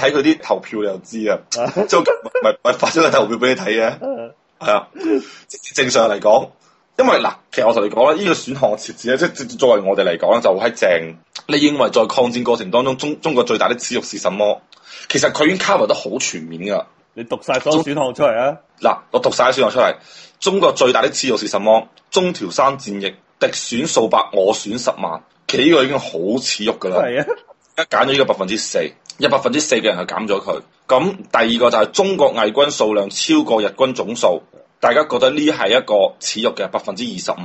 睇佢啲投票你就知啊，就唔係唔係發咗個投票俾你睇嘅，係啊。 正常嚟講，因為嗱，其實我同你講啦，呢、這個選項設置咧，即係作為我哋嚟講咧，就喺正。你認為在抗戰過程當中，中中國最大的恥辱是什麼？其實佢已經 cover 得好全面噶。你讀晒所有選項出嚟中啊！嗱，我讀晒啲選項出嚟，中國最大的恥辱是什麼？中條山戰役，敵損數百，我損十萬，其實呢個已經好恥辱噶啦。係啊，而家揀咗呢個百分之四。一百分之四嘅人係減咗佢，咁第二個就係中國偽軍數量超過日軍總數，大家覺得呢係一個恥辱嘅百分之二十五。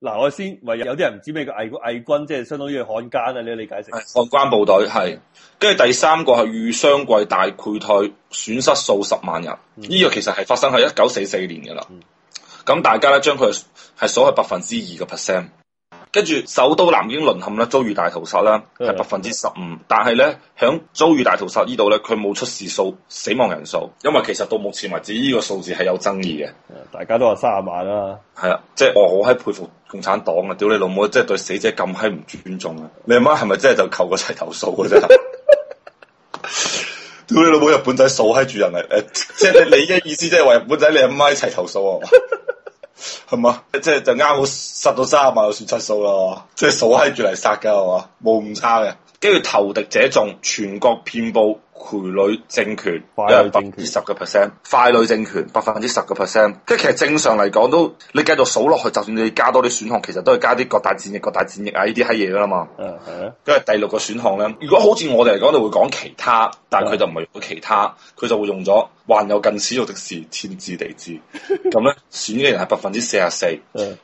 嗱、呃，我先唯、呃、有啲人唔知咩叫偽軍偽軍，即係相當於漢奸啊？你理解成？漢奸部隊係，跟住第三個係豫湘桂大潰退，損失數十萬人，呢、嗯、個其實係發生喺一九四四年嘅啦。咁、嗯、大家咧將佢係數係百分之二個 percent。跟住首都南京淪陷咧，遭遇大屠殺咧，係百分之十五。 但係咧，響遭遇大屠殺呢度咧，佢冇出事數死亡人數，因為其實到目前為止呢、這個數字係有爭議嘅。大家都話卅萬啦，係啊，即 係、就是、我好閪佩服共產黨啊！屌你老母，即、就、係、是、對死者咁閪唔尊重是是啊！你阿媽係咪真係就扣個齊投訴嘅啫？屌你老母，日本仔數閪住人嚟，即係你嘅意思即係話日本仔你阿媽一齊投訴啊？ 係嘛，即係就啱、是、好殺到三十萬算數就算七數啦，即係數喺住嚟殺嘅係嘛，冇咁差嘅。跟住投敵者眾，全國遍布傀儡政權，百分之十個 percent，傀儡政權百分之十個 percent。即係其實正常嚟講都，你繼續數落去，就算你加多啲選項，其實都係加啲各大戰役、各大戰役啊呢啲係嘢噶啦嘛。嗯、uh，跟、huh. 住第六個選項咧，如果好似我哋嚟講，就會講其他。但佢就唔係用咗其他，佢就會用咗還有更恥辱的事，天知地知。咁咧選嘅人係百分之四十四，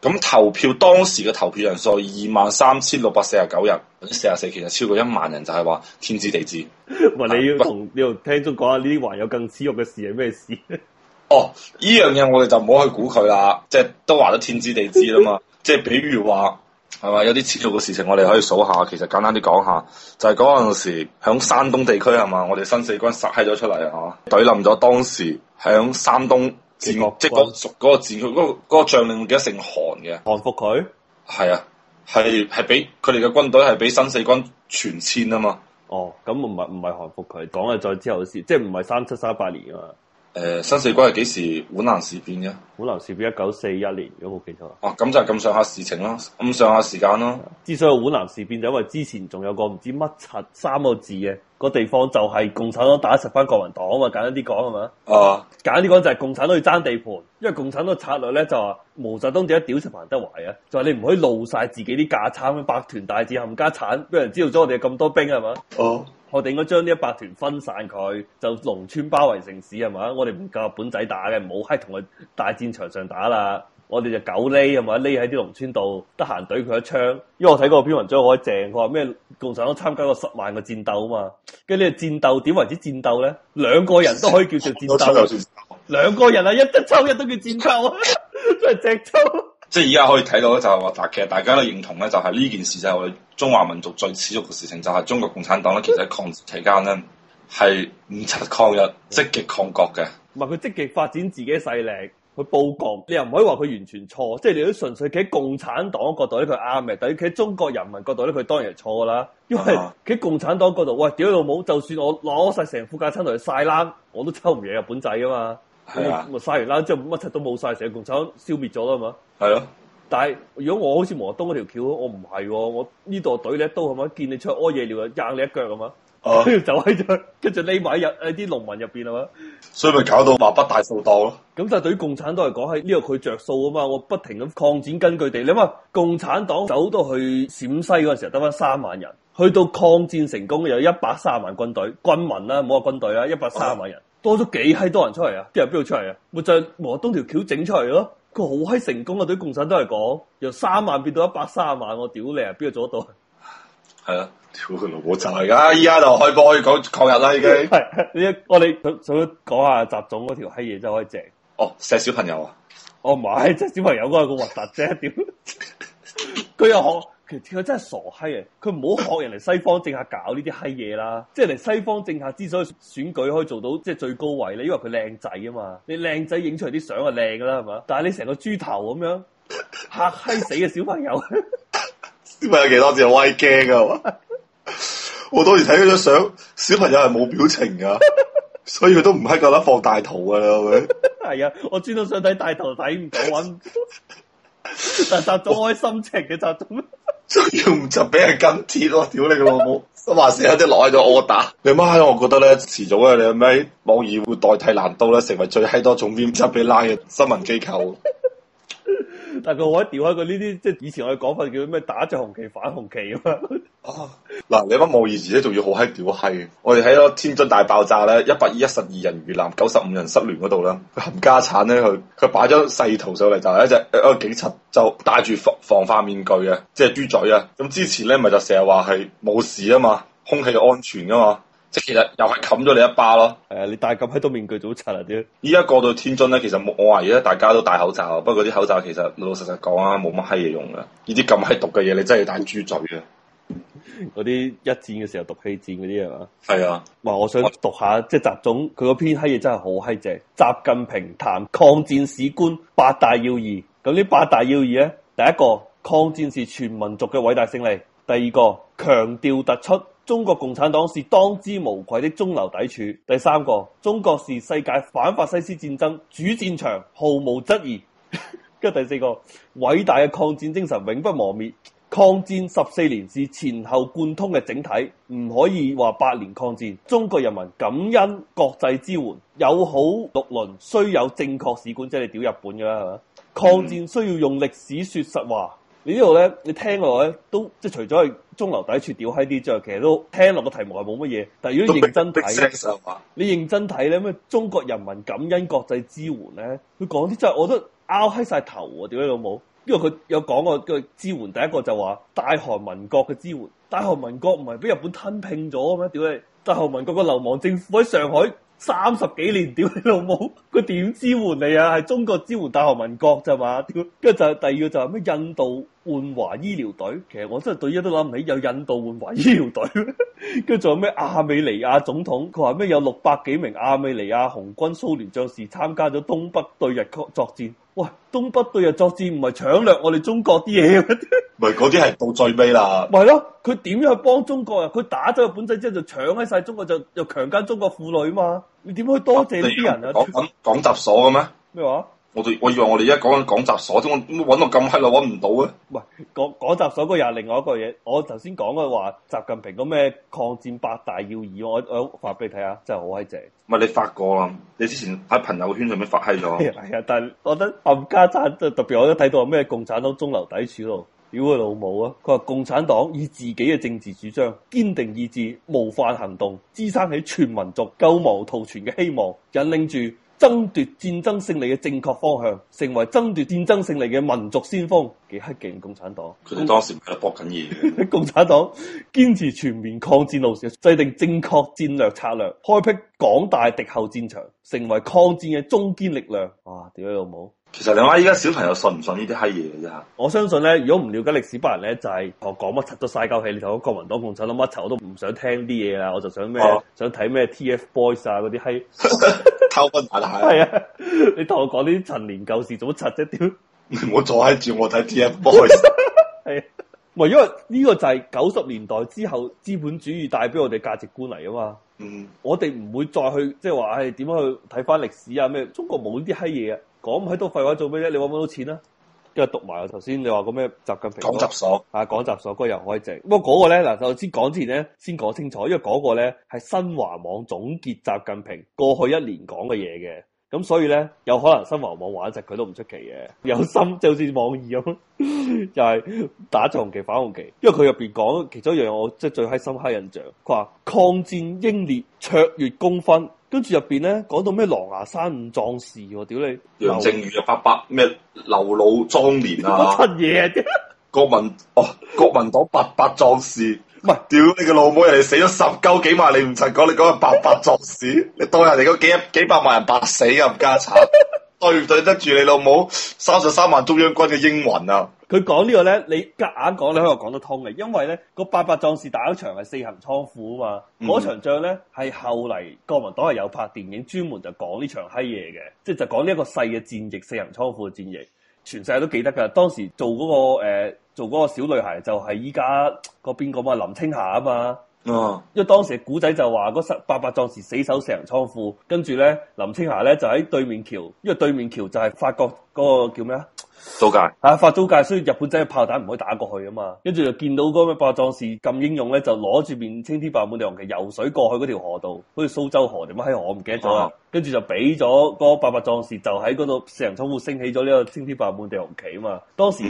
咁 投票當時嘅投票人數二萬三千六百四十九人，四十四其實超過一萬人就，就係話天知地知 你要同要聽咗講下呢啲還有更恥辱嘅事係咩事？ 哦，依樣嘢我哋就唔好去估佢啦，即係都話咗天知地知啦嘛，即係比如話。係嘛？有啲次要嘅事情，我哋可以數下。其實簡單啲講下，就係嗰陣時響山東地區係嘛？我哋新四軍殺閪咗出嚟啊！對冧咗當時響山東戰個即係嗰屬嗰個戰，佢、那、嗰個嗰、那個將領記得姓韓嘅韓復榘？係啊，係係俾佢哋嘅軍隊係俾新四軍全殲啊嘛。哦，咁唔係唔係韓復榘講嘅，再之後嘅事，即係唔係三七三八年啊。誒、呃，新四軍係幾時皖南事變嘅？皖南事變一九四一年，如果冇記錯。哦、啊，咁就係咁上下事情咯，咁上下時間咯、啊。之所以皖南事變，就因為之前仲有個唔知乜柒三個字嘅、個地方，就係共產黨打實翻國民黨啊嘛，簡單啲講係嘛。哦。啊、簡單啲講就係共產黨去爭地盤，因為共產黨策略咧就話毛澤東點解屌食彭德懷嘅？就係你唔可以露晒自己啲架撐，百團大戰冚家鏟，俾人知道咗我哋有咁多兵係嘛。哦。啊我哋應該將呢一百團分散佢，就農村包圍城市係嘛？我哋唔夠日本仔打嘅，唔好喺同佢大戰場上打啦。我哋就狗匿係嘛，匿喺啲農村度，得閒懟佢一槍。因為我睇過篇文章，追好正，佢話咩共產黨參加過十萬個戰鬥啊嘛。跟住呢個戰鬥點為之戰鬥咧？兩個人都可以叫做戰鬥，兩個人啊，一得抽一都叫戰鬥啊，都係隻抽。即係而家可以睇到咧，就係話大，其實大家都認同咧，就係呢件事就係我哋中華民族最恥辱嘅事情，就係中國共產黨咧，其實喺抗日期間咧，係唔出抗日、積極抗國嘅。唔係佢積極發展自己嘅勢力去報國，你又唔可以話佢完全錯，即係你都純粹企喺共產黨角度咧，佢啱嘅，等於企喺中國人民角度咧，佢當然係錯噶啦，因為企喺共產黨角度，喂，屌你老母，就算我攞晒成副架家產去晒冷，我都抽唔嘢日本仔噶嘛。咪晒、啊、完啦，之後乜柒都冇晒，成個共產黨消滅咗啦，係嘛？係啊，但係如果我好似毛澤東嗰條橋，我唔係、哦，我呢度隊咧都係咪見你出屙夜尿，夾你一腳係嘛？跟住走喺度，跟住匿埋喺入喺啲農民入邊係嘛？所以咪搞到白筆大掃蕩咯。咁就對於共產黨嚟講，喺呢、這個佢着數啊嘛。我不停咁擴展根據地。你諗下，共產黨走到去陝西嗰陣時候，得翻三萬人，去到抗戰成功，有一百卅萬軍隊、軍民啦，唔好話軍隊啦，一百卅萬人。啊。多咗幾閪多人出嚟啊！啲人邊度出嚟啊？咪就係毛澤東條橋整出嚟咯！佢好閪成功啊！對共產黨嚟講，由三萬變到一百卅萬，我屌你啊！邊度做得到？係啦，我就係噶，依家就開波可以講抗日啦。已經係，你 一我哋想唔想講下習總嗰條閪嘢真可以正？哦，錫小朋友啊！我唔係，錫小朋友都係核突啫，屌！佢又可。佢真係傻閪啊！佢唔好學人哋西方政客搞呢啲閪嘢啦。即係嚟西方政客之所以選舉可以做到即係最高位咧，因為佢靚仔啊嘛。你靚仔影出嚟啲相啊靚噶啦，係嘛？但係你成個豬頭咁樣吓閪死嘅小朋友，小朋友幾多字我係驚啊？我當時睇嗰張相，小朋友係冇表情噶，所以佢都唔閪夠膽放大圖噶啦，係咪？係啊，我專登 想睇大頭睇唔到，搵 但係集咗開心情嘅集咗。仲 要唔就俾人跟帖咯，啊，屌你個老母！我話死有啲落喺度惡打，你媽！我覺得咧，遲早咧，你咩網易會代替難度咧，成為最閪多種編執俾拉嘅新聞機構。 但係我喺調開佢呢啲，即係以前我哋講法叫咩打著紅旗反紅旗咁樣。哦，嗱、啊，你乜無意識咧，仲要好閪屌閪我哋喺咗天津大爆炸咧，一百一十二人遇難，九十五人失聯嗰度啦，佢冚家鏟咧，佢佢擺張細圖上嚟就係一隻一個警察就戴住防防化面具啊，即係豬嘴啊。咁、嗯嗯、之前咧咪就成日話係冇事啊嘛，空氣安全噶嘛，即係其實又係冚咗你一巴咯。係、啊、你戴咁閪多面具做乜柒啊？啲，依家過到天津咧，其實我懷疑大家都戴口罩，不過啲口罩其實老老實實講啊，冇乜閪嘢用噶。呢啲咁閪毒嘅嘢，你真係要戴豬嘴啊！嗰啲一戰嘅時候毒氣戰嗰啲係咪？係啊， 哇！我想讀下即係習總佢嗰篇閪嘢真係好閪正。習近平談抗戰史觀八大要義，咁呢八大要義咧，第一個抗戰是全民族嘅偉大勝利；第二個強調突出中國共產黨是當之無愧的中流砥柱；第三個中國是世界反法西斯戰爭主戰場，毫無質疑；跟 住第四個偉大嘅抗戰精神永不磨滅。抗戰十四年是前後貫通嘅整體，唔可以話八年抗戰。中國人民感恩國際支援，有好六輪，需有正確史觀，即係你屌日本噶啦。係嘛，抗戰需要用歷史說實話。你呢度咧，你聽落咧都即係除咗係中流砥柱屌閪啲之外，其實都聽落個題目係冇乜嘢。但係如果你認真睇，你認真睇咧，咩中國人民感恩國際支援咧？佢講啲真係，我都拗閪晒頭啊！屌你老母！因為佢有講過，這個支援，第一個就話大韓民國嘅支援，大韓民國唔係俾日本吞併咗咩？屌你！大韓民國個流亡政府喺上海三十幾年，屌你老母，佢點支援你啊？係中國支援大韓民國咋嘛？跟住就第二個就係咩印度。換華醫療隊，其實我真係對一都諗唔起有印度換華醫療隊，跟住仲有咩亞美尼亞總統，佢話咩有六百幾名亞美尼亞紅軍蘇聯將士參加咗東北對日作戰，喂，東北對日作戰唔係搶掠我哋中國啲嘢咩？唔係嗰啲係到最尾啦。咪咯、 啊，佢點樣去幫中國呀？佢打咗日本仔之後就搶喺晒中國，就又強姦中國婦女嘛？你點可以多謝呢啲人啊？講講講習所嘅咩？咩話？ 我哋，我以為我哋而家講緊講習所，點解揾到咁黑佬揾唔到咧？唔係講講習所嗰又係，另外一個嘢，我頭先講嘅話，習近平嘅咩抗戰八大要義，我我發俾你睇下，真係好閪正。唔係你發過啦，你之前喺朋友圈上面發閪咗。係啊，但係我覺得冚家鏟，特別我都睇到咩共產黨中流砥柱咯，屌佢老母啊！佢話共產黨以自己嘅政治主張、堅定意志、模範行動，支撐起全民族救亡圖存嘅希望，引領住爭奪戰爭勝利嘅正確方向，成為爭奪戰爭勝利嘅民族先鋒，幾黑勁！共產黨佢哋當時唔係度搏緊嘢， 共產黨堅持全面抗戰路線，制定正確戰略策略，開闢廣大敵後戰場，成為抗戰嘅中堅力量。哇、啊！屌你、啊、老母，其實你話依家小朋友信唔信呢啲閪嘢嘅啫？ 我相信呢，如果唔了解歷史嘅人咧，就係、是、我講乜柒都晒鳩氣，你同我國民黨、共產黨乜柒我都唔想聽啲嘢啦，我就想咩想睇咩 TF Boys 啊嗰啲閪。 偷係啊！ 你同我講呢啲陳年舊事做乜柒啫？屌！唔好坐喺住我睇 T F Boys。係，唔係因為呢個就係九十年代之後資本主義帶俾我哋價值觀嚟啊嘛。嗯，我哋唔會再去即係話，係，點樣去睇翻歷史啊？咩？中國冇呢啲閪嘢啊！講咁閪多廢話做咩啫？你搵唔搵到錢啊？因為讀埋頭先，你話個咩習近平講習所啊，講習所嗰個又可以整。不過嗰個咧，嗱頭先講之前咧，先講清楚，因為嗰個咧係新華網總結習近平過去一年講嘅嘢嘅，咁所以咧有可能新華網玩實佢都唔出奇嘅，有心就好似網易咁，就係 打藏旗反紅旗。因為佢入邊講其中一樣，我即係最喺深刻印象，佢話抗戰英烈，卓越功勳。跟住入邊咧，講到咩狼牙山五壯士，啊，我屌你！楊劉正宇啊，八百咩劉老莊年啊，乜柒嘢嘅？國民哦，國民黨八百壯士，唔係， 屌你個老母！人哋死咗十鳩幾萬，你唔曾講，你講係八百壯士， 你當人哋嗰幾幾百萬人白死啊？冚家鏟， 對唔對得住你老母？三十三萬中央軍嘅英魂啊！佢講呢個咧，你夾硬講，你喺度講得通嘅，因為咧個八百壯士打一場係四行倉庫啊嘛，嗰、mm hmm. 場仗咧係後嚟國民黨係有拍電影，專門就講呢場閪嘢嘅，即係就講呢一個細嘅戰役，四行倉庫嘅戰役，全世界都記得噶。當時做嗰、嗰個、呃、做嗰個小女孩就係依家個邊個嘛，林青霞啊嘛，mm hmm. 因為當時古仔就話嗰八百壯士死守四行倉庫，跟住咧林青霞咧就喺對面橋，因為對面橋就係法國嗰個叫咩啊？租界啊，法租界，所以日本仔嘅炮彈唔可以打過去啊嘛。跟住就見到嗰個八壯士咁英勇咧，就攞住面青天白滿地紅旗游水過去嗰條河道，好似蘇州河定乜喺我唔記得咗啦。跟住就俾咗嗰八百壯士，就喺嗰度成倉戶升起咗呢個青天白滿地紅旗啊嘛。當時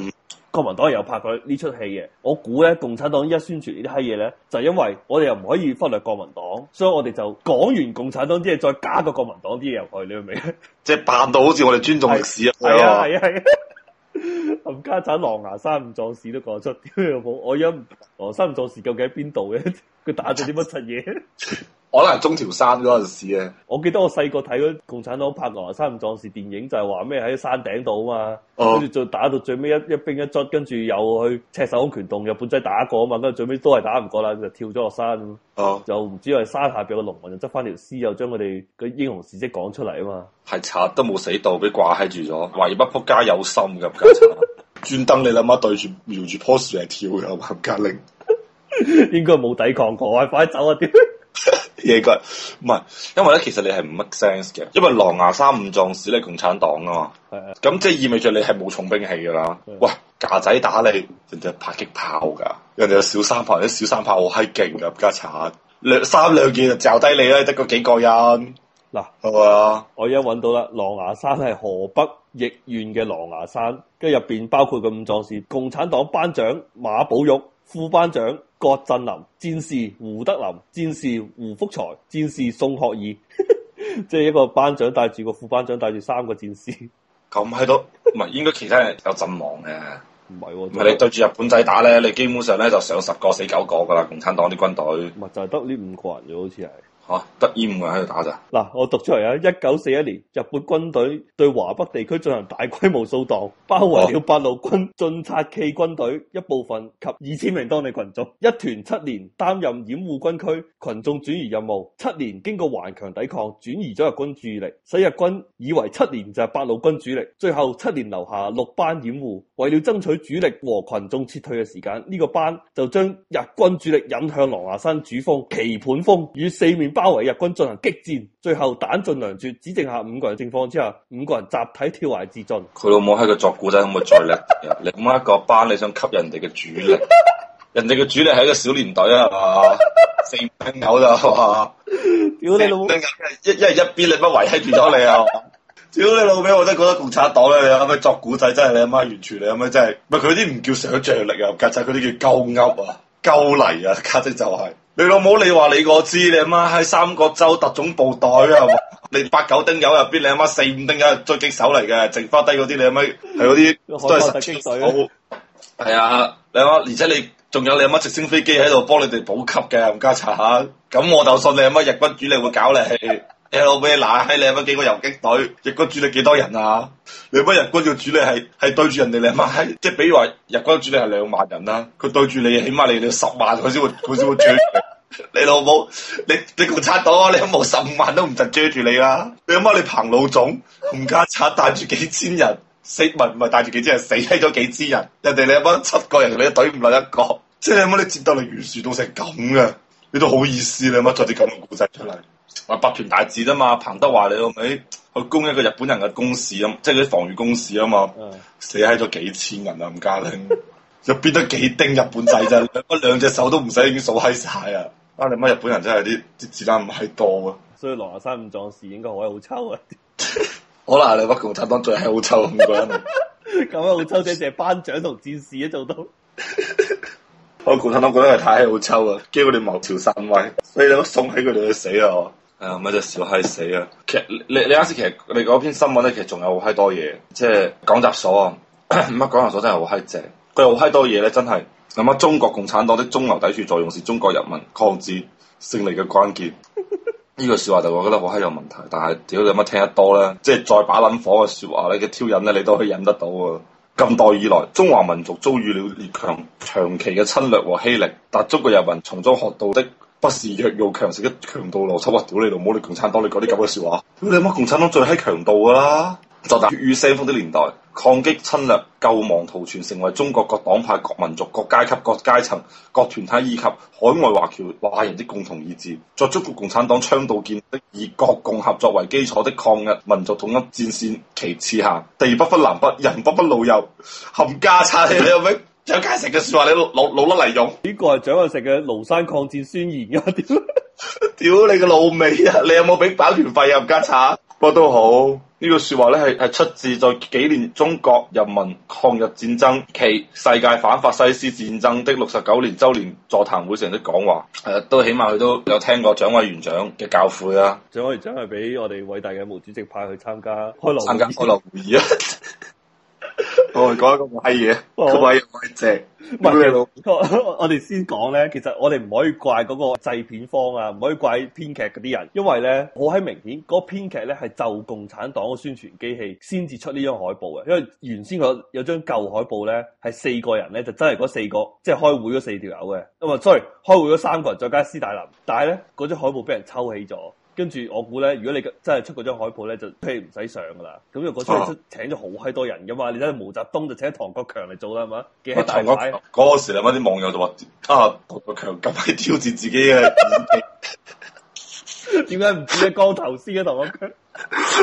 國民黨又拍佢呢出戲嘅，我估咧共產黨一宣傳呢啲閪嘢咧，就因為我哋又唔可以忽略國民黨，所以我哋就講完共產黨啲嘢，再加個國民黨啲嘢入去，你明唔明？即係扮到好似我哋尊重歷史啊！係啊，係啊，係啊。林 家鏟狼牙山五壯士都講出， 我又因狼牙山五壯士究竟喺邊度嘅？佢 打咗啲乜柒嘢？ 可能係中條山嗰陣時咧，我記得我細個睇嗰共產黨拍《狼牙山五壯士》電影，就係話咩喺山頂度啊嘛，跟住、uh huh. 就打到最尾一一兵一卒，跟住又去赤手空拳同日本仔打過啊嘛，跟住最尾都係打唔過啦，就跳咗落山哦、uh huh.，就唔知係山下邊個農民就執翻條屍，又將佢哋個英雄事蹟講出嚟啊嘛。係賊都冇死到，俾掛喺住咗，懷疑不扑街有心咁，賊專登你諗下對住瞄住棵樹嚟跳啊，彭格嶺應該冇抵抗過，快走啊！ 嘢唔係，因為咧，其實你係唔乜 sense 嘅，因為狼牙山五壯士咧，你共產黨啊嘛，咁的即係意味著你係冇重兵器㗎啦。的喂，架仔打你，人哋拍迫擊炮㗎，人哋有小三炮，啲小三炮好閪勁㗎，家產兩三兩件就炸低你啦，得個幾個人。嗱嘆，好吧，我我而家揾到啦，狼牙山係河北易縣嘅狼牙山，跟住入邊包括個五壯士，共產黨班長馬寶玉。副班長葛振林、戰士胡德林、戰士胡福才、戰士宋學義，即 係一個班長帶住個副班長帶住三個戰士，咁喺度，唔係 應該其他人有陣亡嘅，唔係、啊，唔係你對住日本仔打咧，你基本上咧就上十個死九個噶啦，共產黨啲軍隊，咪就係得呢五個人嘅好似係。吓，得五人喺度打咋？嗱，我讀出嚟啊！一九四一年，日本軍隊對華北地區進行大規模掃蕩，包圍了八路軍晉察冀軍隊一部分及二千名當地群眾。一團七年擔任掩護軍區群眾轉移任務，七年經過頑強抵抗，轉移咗日軍注意力，使日軍以為七年就係八路軍主力。最後七年留下六班掩護，為了爭取主力和群眾撤退嘅時間，呢、這個班就將日軍主力引向狼牙山主峰棋盤峰與四面包圍日軍進行激戰，最後彈盡糧絕，只剩下五個人嘅情況之下，五個人集體跳崖自盡。佢老母喺度作古仔可唔可以再叻？你媽一個班你想吸人哋嘅主力，人哋嘅主力係一個小年隊係嘛？四五友就係嘛？屌你，你，、啊、 你老母！一係一邊你乜圍喺住咗你啊？屌你老味！我真係覺得共產黨咧，你阿媽作古仔真係你阿媽完全你阿媽真係，唔佢啲唔叫想像力啊，家姐佢啲叫鳩噏啊，鳩嚟啊，家姐就係、就是。你老母，你話你我知，你阿媽喺三角洲特種部隊係嘛？ 你八九丁友入邊，你阿媽四五丁友係狙擊手嚟嘅，剩翻低嗰啲你阿媽係嗰啲都係實水。係 啊，你阿媽，而且你仲有你阿媽直升飛機喺度幫你哋補給嘅，唔家查下，咁我就信你阿媽日軍主力會搞你。 你攞俾你奶，你阿媽幾個游擊隊？日軍主力幾多人啊？你阿媽日軍個主力係係對住人哋兩萬，即係比如話日軍主力係兩萬人啦、啊，佢對住你起碼你哋十萬，佢先會佢先會追你。你你老母，你你共產黨，你冇十五萬都唔能追住你啦、啊。你阿媽你彭老總唔家賊帶住幾千人，死文唔係帶住幾千人死低咗幾千人，人哋你阿媽七個人你都懟唔落一個，即、就、係、是、你阿媽你接得你懸殊到成咁嘅、啊。你都好意思你乜作啲咁嘅故仔出嚟？話百團大戰啫嘛，彭德懷你老味去攻一個日本人嘅工事啊，即係啲防禦工事啊嘛，嗯、死喺咗幾千人啊，吳家麟又變咗幾丁日本仔啫，乜兩隻手都唔使已經數喺晒啊！啊，你乜日本人真係啲子彈唔係多啊！所以狼牙山五壯士應該可好抽啊！可能係你乜共產黨最係好抽咁講，咁 啊好抽只係班長同戰士一做到。啊 我共產黨覺得係太好抽啊，叫佢哋謀朝篡位，所以你都送起佢哋去死啊！係咪就小閪死啊？其實你你啱先其實你嗰篇新聞咧，其實仲有好閪多嘢，即係講雜所啊，乜講 雜所真係好閪正，佢好閪多嘢咧，真係咁啊！中國共產黨的中流砥柱作用是中國人民抗戰勝利嘅關鍵，呢 個說話就覺得好閪有問題，但係屌你乜聽得多咧，即係再把捻火嘅說話咧，嘅挑釁咧，你都可以忍得到啊！近代以來，中華民族遭遇了列強長期嘅侵略和欺凌，但中國人民從中學到的不是弱肉強食嘅強盜邏輯啊！屌你老母！你共產黨你講啲咁嘅説話？屌你媽！共產黨最閪強盜噶啦！就打血雨腥風的年代，抗擊侵略、救亡圖存，成為中國各黨派、各民族、各階級、各階層、各團體以及海外華僑華人的共同意志。在中國共產黨倡導建立的以國共合作為基礎的抗日民族統一戰線，其次下地不分南北，人不分老幼，冚家鏟！你有冇俾蔣介石嘅說話你老得嚟用？呢個係蔣介石嘅《廬山抗戰宣言，啊》一點。屌 你個老味啊！你有冇俾版權費啊，冚家鏟？不過都好，呢、這、句、個、說話咧係係出自在紀念中國人民抗日戰爭暨、世界反法西斯戰爭的六十九年周年座談會上的講話。誒、呃，都起碼佢都有聽過蔣委員長嘅教誨啊。蔣委員長係俾我哋偉大嘅毛主席派去參加，參加開羅會議啊。講一個壞嘢，個壞嘢好正。唔係，我我哋先講咧，其實我哋唔可以怪嗰個製片方啊，唔可以怪編劇嗰啲人，因為咧我喺明顯，嗰編劇咧係就共產黨嘅宣傳機器先至出呢張海報嘅，因為原先有張舊海報咧係四個人咧就真係嗰四個，即係開會嗰四條友嘅，咁啊 sorry，開會嗰三個人再加斯大林，但係咧嗰張海報俾人抽起咗。跟住我估咧，如果你真係出嗰張海報咧，就譬如唔使上噶啦。咁又嗰出請咗好閪多人噶嘛？你睇下毛澤東就請唐國強嚟做啦，係嘛？幾大牌嗰、那個、時啊媽啲網友就話啊，唐國強咁鬼挑戰自己啊！點解唔知啲光頭先嘅唐國強？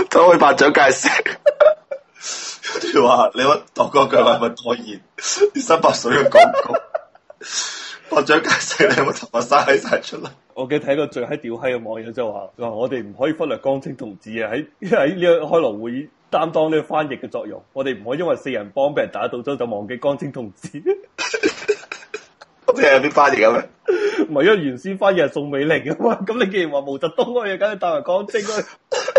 走去拍蔣介石，跟住話你話唐國強係咪拖延？啲濕白水嘅廣告。 蔣介石你有冇同我晒出嚟？我記得睇過最喺屌閪嘅網友就話，話我哋唔可以忽略江青同志啊！喺喺呢個開羅會議擔當呢個翻譯嘅作用，我哋唔可以因為四人幫俾人打倒咗就忘記江青同志 譯。咁即係有啲翻譯嘅咩？唔係，因為原先翻譯係宋美齡啊嘛。咁你既然話毛澤東嘅嘢，梗係帶埋江青去。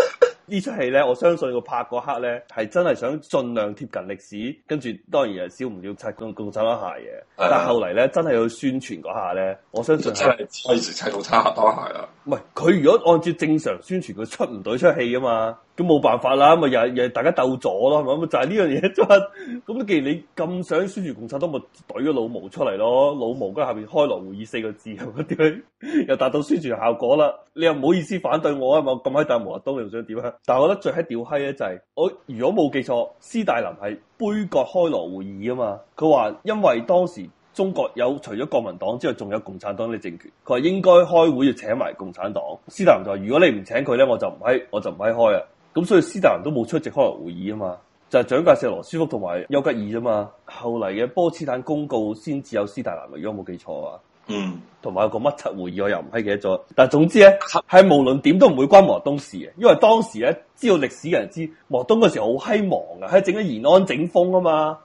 呢出戲咧，我相信佢拍嗰刻咧，係真係想儘量貼近歷史，跟住當然係少唔少擦共共產黨鞋嘅。但後嚟咧，真係去宣傳嗰下咧，我相信真係可以食齊共產黨鞋啦。唔係佢如果按照正常宣傳，佢出唔到出戲啊嘛。都冇辦法啦，咁咪又又大家鬥咗咯，係咪？咁就係、是、呢樣嘢啫。咁 既然你咁想宣傳共產黨，咪懟咗老毛出嚟咯，老毛跟住下邊開羅會議四個字，點解 又達到宣傳效果啦？你又唔好意思反對我啊嘛，咁閪大毛澤東又想點啊？但係我覺得最閪屌閪咧就係、是，我如果冇記錯，斯大林係杯葛開羅會議啊嘛。佢話因為當時中國有除咗國民黨之外，仲有共產黨嘅政權，佢話應該開會要請埋共產黨。斯大林就話：如果你唔請佢咧，我就唔閪我就唔閪開啊！咁所以斯大林都冇出席開羅會議啊嘛，就係蔣介石、羅斯福同埋丘吉爾啊嘛。後嚟嘅波茨坦公告先至有斯大林嘅，如果冇記錯啊。嗯，同埋有個乜七會議我又唔係記得咗。但係總之咧，係無論點都唔會關毛東事嘅，因為當時咧，知道歷史人知毛東嗰時好閪忙啊，喺整咗延安整風啊嘛，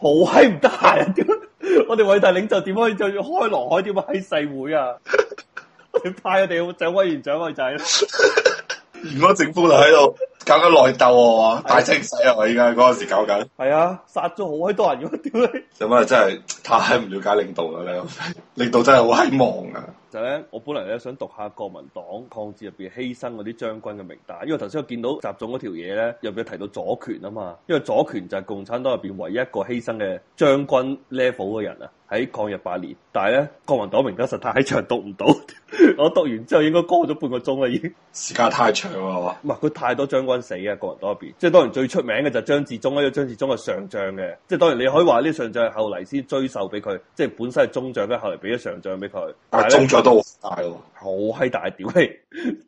好閪唔得閒啊！我哋偉大領袖點可以再開羅開？啲咁閪細會啊？我哋派我哋就委員長個仔啦。如果政府就喺度搞緊內鬥啊！ 大清洗啊！我而家嗰陣時搞緊。係啊，殺咗好閪多人，如果屌你。有冇真係太唔了解領導，啦？你領導真係好閪忙啊！就係咧，我本嚟咧想讀下國民黨抗戰入邊犧牲嗰啲將軍嘅名單，因為頭先我見到習總嗰條嘢咧，入邊提到左權啊嘛，因為左權就係共產黨入邊唯一一個犧牲嘅將軍 level 嘅人啊，喺抗日八年，但係咧國民黨名單實太喺長讀唔到。 我讀完之後應該過咗半個鐘啦，已經時間 太長啦。唔係佢太多將軍死啊，國民黨入邊，即係當然最出名嘅就係張自忠啦，因為張自忠係上將嘅，即係當然你可以話呢，上將係後嚟先追授俾佢，即係本身係中將，咁後嚟俾咗上將俾佢，但係中將都好大咯，好閪大屌氣，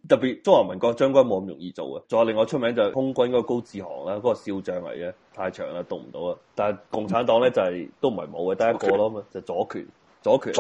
特別中華民國將軍冇咁容易做嘅。仲有另外出名就係空軍嗰個高志航啦，嗰、嗰個少將嚟嘅，太長啦，讀唔到啦。但係共產黨咧就係、係、都唔係冇嘅，得一個咯嘛，Okay. 就左權。左權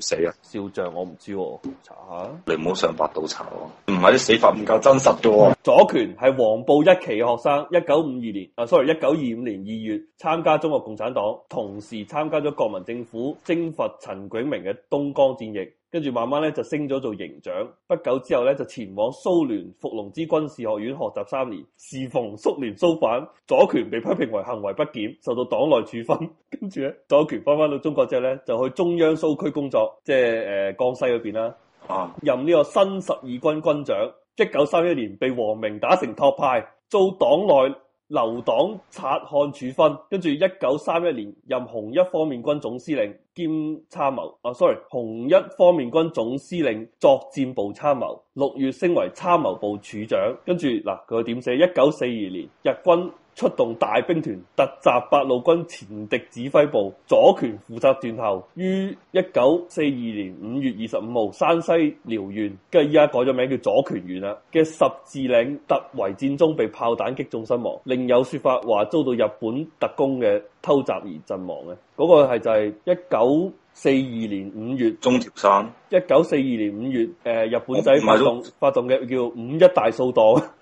死啊！少將我唔知道、啊，查下、啊。你唔好上百度查喎、啊，唔係死法唔夠真實、啊、左權係黃埔一期嘅學生，一九五二年，啊，sorry，一九二五年二月參加中國共產黨，同時參加咗國民政府征伐陳炯明嘅東江戰役。跟住慢慢咧，就升咗做營長，不久之後咧，就前往蘇聯伏龍芝軍事學院學習三年，時逢蘇聯肅反，左權被批評為行為不檢，受到黨內處分。跟住咧，左權翻返到中國之後咧，就去中央蘇區工作，即係誒、呃、江西嗰邊啦，任呢個新十二軍軍長。一九三一年被王明打成托派，做黨內。留黨察看處分，跟住一九三一年任紅一方面軍總司令兼參謀。啊，sorry，紅一方面軍總司令作戰部參謀，六月升為參謀部處長。跟住嗱，佢點寫？一九四二年，日軍。出動大兵團突襲八路軍前敵指揮部，左權負責斷後，於一九四二年五月二十五號山西遼縣，即係依家改咗名叫左權縣啦嘅十字嶺突圍戰中被炮彈擊中身亡。另有說法話遭到日本特工嘅偷襲而陣亡咧。嗰、那個係就係一九四二年五月，中條山。一九四二年五月，誒、呃，日本仔發動發動嘅叫五一大掃蕩。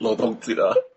老同志了。